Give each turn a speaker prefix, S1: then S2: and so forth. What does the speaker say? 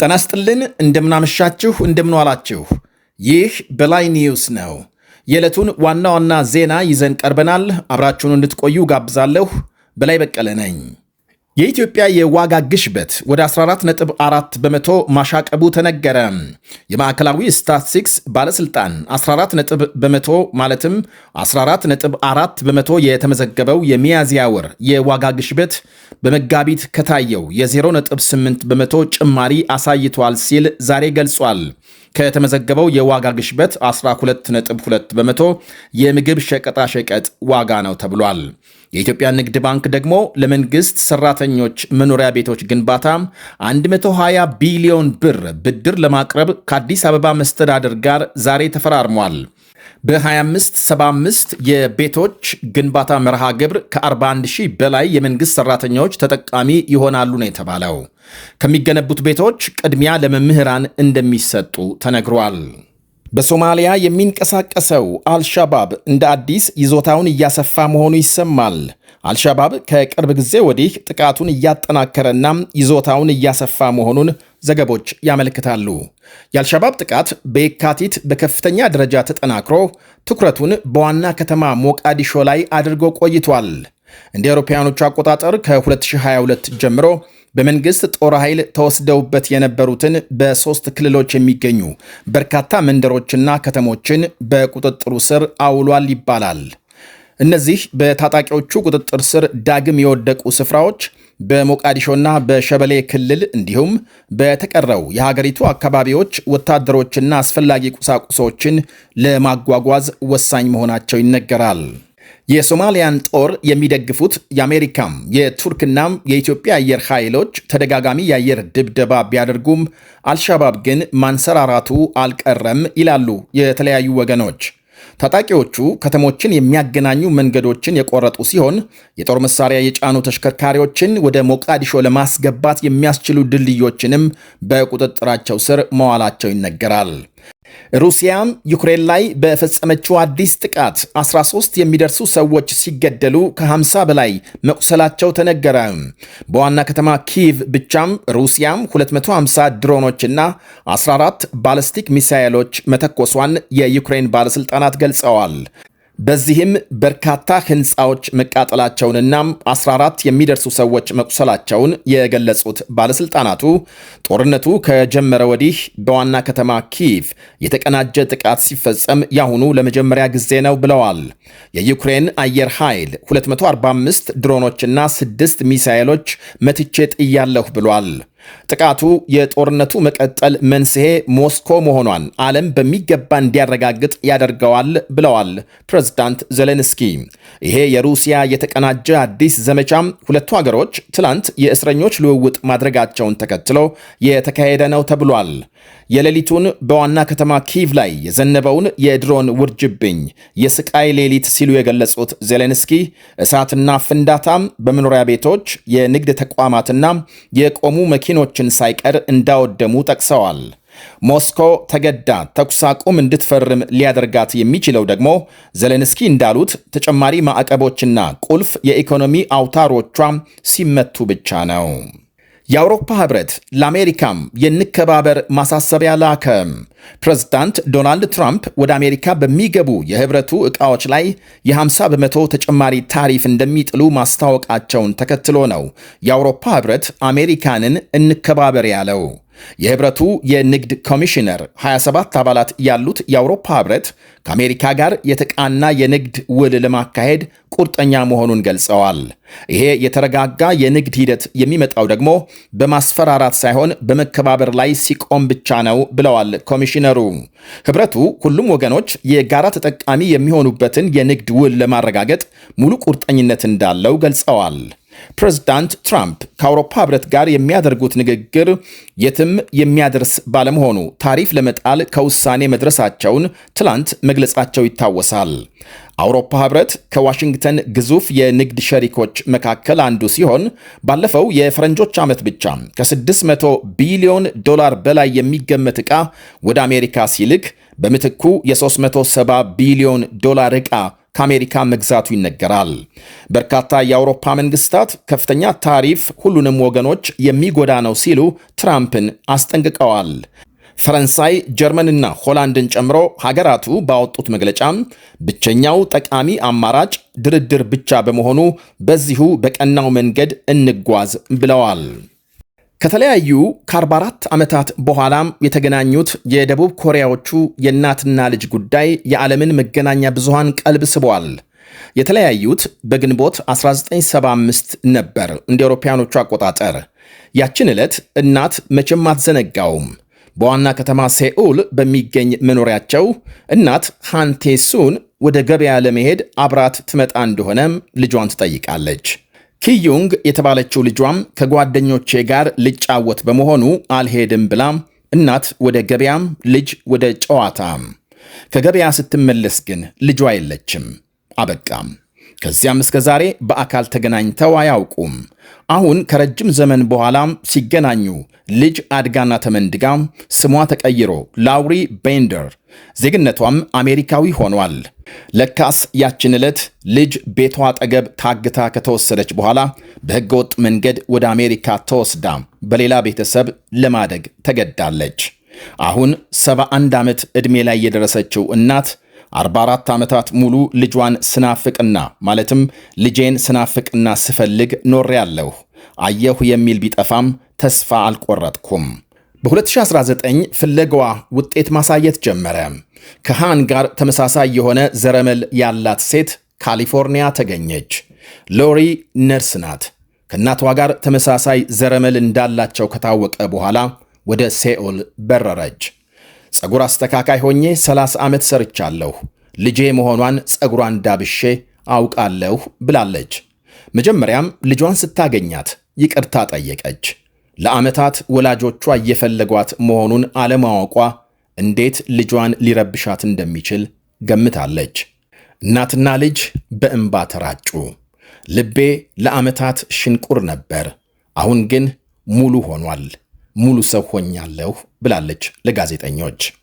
S1: ጤና ይስጥልን፣ እንደምናመሻችሁ፣ እንደምንዋላችሁ። ይህ በላይ ኒውስ ነው። የዕለቱን ዋና ዋና ዜና ይዘን ቀርበናል። አብራችሁን እንድትቆዩ ጋብዛለሁ። በላይ በቀለ ነኝ። የኢትዮጵያ የዋጋ ግሽበት ወደ 14.4 በመቶ ማሻቀቡ ተነገረ። የማዕከላዊ ስታትስቲክስ ባለስልጣን 14 በመቶ ማለትም 14.4 በመቶ የተመዘገበው የሚያዝያ ወር የዋጋ ግሽበት በመጋቢት ከታየው የ0.8 በመቶ ጭማሪ አሳይቷል ሲል ዛሬ ገልጿል። ከተመዘገበው የዋጋ ግሽበት 12.2 በመቶ የምግብ ሸቀጣሸቀጥ ዋጋ ነው ተብሏል። የኢትዮጵያ ንግድ ባንክ ደግሞ ለመንግስት ሰራተኞች መኖሪያ ቤቶች ግንባታ 120 ቢሊዮን ብር ብድር ለማቅረብ ከአዲስ አበባ መስተዳድር ጋር ዛሬ ተፈራርሟል። በ2575 የቤቶች ግንባታ መርሃ ግብር ከ41 ሺህ በላይ የመንግሥት ሠራተኛዎች ተጠቃሚ ይሆናሉ ነው የተባለው። ከሚገነቡት ቤቶች ቅድሚያ ለመምህራን እንደሚሰጡ ተነግሯል። በሶማሊያ የሚንቀሳቀሰው አልሻባብ እንደ አዲስ ይዞታውን እያሰፋ መሆኑ ይሰማል። አልሻባብ ከቅርብ ጊዜ ወዲህ ጥቃቱን እያጠናከረና ይዞታውን እያሰፋ መሆኑን ዘገቦች ያመለክታሉ። የአልሻባብ ጥቃት በየካቲት በከፍተኛ ደረጃ ተጠናክሮ ትኩረቱን በዋና ከተማ ሞቃዲሾ ላይ አድርጎ ቆይቷል። እንደ አውሮፓውያኖቹ አቆጣጠር ከ2022 ጀምሮ በመንግስት ጦር ኃይል ተወስደውበት የነበሩትን በሦስት ክልሎች የሚገኙ በርካታ መንደሮችና ከተሞችን በቁጥጥሩ ስር አውሏል ይባላል። እነዚህ በታጣቂዎቹ ቁጥጥር ስር ዳግም የወደቁ ስፍራዎች በሞቃዲሾና በሸበሌ ክልል እንዲሁም በተቀረው የሀገሪቱ አካባቢዎች ወታደሮችና አስፈላጊ ቁሳቁሶችን ለማጓጓዝ ወሳኝ መሆናቸው ይነገራል። የሶማሊያን ጦር የሚደግፉት የአሜሪካም የቱርክናም የኢትዮጵያ አየር ኃይሎች ተደጋጋሚ የአየር ድብደባ ቢያደርጉም አልሻባብ ግን ማንሰራራቱ አልቀረም ይላሉ የተለያዩ ወገኖች። ታጣቂዎቹ ከተሞችን የሚያገናኙ መንገዶችን የቆረጡ ሲሆን የጦር መሳሪያ የጫኑ ተሽከርካሪዎችን ወደ ሞቃዲሾ ለማስገባት የሚያስችሉ ድልድዮችንም በቁጥጥራቸው ስር መዋላቸው ይነገራል። ሩሲያ ዩክሬን ላይ በፈጸመችው አዲስ ጥቃት 13 የሚደርሱ ሰዎች ሲገደሉ ከ50 በላይ መቁሰላቸው ተነገረ። በዋና ከተማ ኪቭ ብቻም ሩሲያም 250 ድሮኖችና 14 ባለስቲክ ሚሳይሎች መተኮሷን የዩክሬን ባለሥልጣናት ገልጸዋል። በዚህም በርካታ ሕንፃዎች መቃጠላቸውንና 14 የሚደርሱ ሰዎች መቁሰላቸውን የገለጹት ባለስልጣናቱ ጦርነቱ ከጀመረ ወዲህ በዋና ከተማ ኪቭ የተቀናጀ ጥቃት ሲፈጸም ያሁኑ ለመጀመሪያ ጊዜ ነው ብለዋል። የዩክሬን አየር ኃይል 245 ድሮኖችና 6 ሚሳኤሎች መትቼ ጥያለሁ ብሏል። ጥቃቱ የጦርነቱ መቀጠል መንስሄ ሞስኮ መሆኗን ዓለም በሚገባ እንዲያረጋግጥ ያደርገዋል ብለዋል ፕሬዝዳንት ዘሌንስኪ ይሄ የሩሲያ የተቀናጀ አዲስ ዘመቻም ሁለቱ ሀገሮች ትላንት የእስረኞች ልውውጥ ማድረጋቸውን ተከትሎ የተካሄደ ነው ተብሏል። የሌሊቱን በዋና ከተማ ኪቭ ላይ የዘነበውን የድሮን ውርጅብኝ የስቃይ ሌሊት ሲሉ የገለጹት ዜሌንስኪ እሳትና ፍንዳታም በመኖሪያ ቤቶች፣ የንግድ ተቋማትና የቆሙ መኪና መኪኖችን ሳይቀር እንዳወደሙ ጠቅሰዋል። ሞስኮ ተገዳ ተኩስ አቁም እንድትፈርም ሊያደርጋት የሚችለው ደግሞ ዘለንስኪ እንዳሉት ተጨማሪ ማዕቀቦችና ቁልፍ የኢኮኖሚ አውታሮቿ ሲመቱ ብቻ ነው። የአውሮፓ ህብረት ለአሜሪካም የንከባበር ማሳሰቢያ ላከ። ፕሬዝዳንት ዶናልድ ትራምፕ ወደ አሜሪካ በሚገቡ የህብረቱ ዕቃዎች ላይ የ50 በመቶ ተጨማሪ ታሪፍ እንደሚጥሉ ማስታወቃቸውን ተከትሎ ነው የአውሮፓ ህብረት አሜሪካንን እንከባበር ያለው። የህብረቱ የንግድ ኮሚሽነር 27 አባላት ያሉት የአውሮፓ ህብረት ከአሜሪካ ጋር የተቃና የንግድ ውል ለማካሄድ ቁርጠኛ መሆኑን ገልጸዋል። ይሄ የተረጋጋ የንግድ ሂደት የሚመጣው ደግሞ በማስፈራራት ሳይሆን በመከባበር ላይ ሲቆም ብቻ ነው ብለዋል ኮሚሽነሩ። ህብረቱ ሁሉም ወገኖች የጋራ ተጠቃሚ የሚሆኑበትን የንግድ ውል ለማረጋገጥ ሙሉ ቁርጠኝነት እንዳለው ገልጸዋል። ፕሬዝዳንት ትራምፕ ከአውሮፓ ህብረት ጋር የሚያደርጉት ንግግር የትም የሚያደርስ ባለመሆኑ ታሪፍ ለመጣል ከውሳኔ መድረሳቸውን ትላንት መግለጻቸው ይታወሳል። አውሮፓ ህብረት ከዋሽንግተን ግዙፍ የንግድ ሸሪኮች መካከል አንዱ ሲሆን ባለፈው የፈረንጆች ዓመት ብቻ ከ600 ቢሊዮን ዶላር በላይ የሚገመት ዕቃ ወደ አሜሪካ ሲልክ በምትኩ የ370 ቢሊዮን ዶላር ዕቃ ከአሜሪካ መግዛቱ ይነገራል። በርካታ የአውሮፓ መንግስታት ከፍተኛ ታሪፍ ሁሉንም ወገኖች የሚጎዳ ነው ሲሉ ትራምፕን አስጠንቅቀዋል። ፈረንሳይ፣ ጀርመንና ሆላንድን ጨምሮ ሀገራቱ ባወጡት መግለጫም ብቸኛው ጠቃሚ አማራጭ ድርድር ብቻ በመሆኑ በዚሁ በቀናው መንገድ እንጓዝ ብለዋል። ከተለያዩ ከ44 ዓመታት በኋላም የተገናኙት የደቡብ ኮሪያዎቹ የእናትና ልጅ ጉዳይ የዓለምን መገናኛ ብዙሃን ቀልብ ስቧል። የተለያዩት በግንቦት 1975 ነበር እንደ አውሮፓውያኖቹ አቆጣጠር። ያችን ዕለት እናት መቼም አትዘነጋውም። በዋና ከተማ ሴኡል በሚገኝ መኖሪያቸው እናት ሃንቴሱን ወደ ገበያ ለመሄድ አብራት ትመጣ እንደሆነም ልጇን ትጠይቃለች። ኪዩንግ የተባለችው ልጇም ከጓደኞቼ ጋር ልጫወት በመሆኑ አልሄድም ብላ እናት ወደ ገበያም ልጅ ወደ ጨዋታም ከገበያ ስትመለስ ግን ልጇ የለችም። አበቃም። ከዚያም እስከ ዛሬ በአካል ተገናኝተው አያውቁም። አሁን ከረጅም ዘመን በኋላም ሲገናኙ ልጅ አድጋና ተመንድጋ ስሟ ተቀይሮ ላውሪ ቤንደር ዜግነቷም አሜሪካዊ ሆኗል። ለካስ ያችን ዕለት ልጅ ቤቷ አጠገብ ታግታ ከተወሰደች በኋላ በሕገወጥ መንገድ ወደ አሜሪካ ተወስዳ በሌላ ቤተሰብ ለማደግ ተገዳለች። አሁን 71 ዓመት ዕድሜ ላይ የደረሰችው እናት 44 ዓመታት ሙሉ ልጇን ስናፍቅና ማለትም ልጄን ስናፍቅና ስፈልግ ኖሬያለሁ። አየሁ የሚል ቢጠፋም ተስፋ አልቆረጥኩም። በ2019 ፍለጋዋ ውጤት ማሳየት ጀመረ። ከሃን ጋር ተመሳሳይ የሆነ ዘረመል ያላት ሴት ካሊፎርኒያ ተገኘች። ሎሪ ነርስ ናት። ከእናቷ ጋር ተመሳሳይ ዘረመል እንዳላቸው ከታወቀ በኋላ ወደ ሴኦል በረረች። ጸጉር አስተካካይ ሆኜ 30 ዓመት ሰርቻለሁ። ልጄ መሆኗን ጸጉሯን ዳብሼ አውቃለሁ ብላለች። መጀመሪያም ልጇን ስታገኛት ይቅርታ ጠየቀች። ለዓመታት ወላጆቿ እየፈለጓት መሆኑን አለማወቋ እንዴት ልጇን ሊረብሻት እንደሚችል ገምታለች። እናትና ልጅ በእንባ ተራጩ። ልቤ ለዓመታት ሽንቁር ነበር፣ አሁን ግን ሙሉ ሆኗል ሙሉ ሰው ሆኛለሁ ብላለች ለጋዜጠኞች።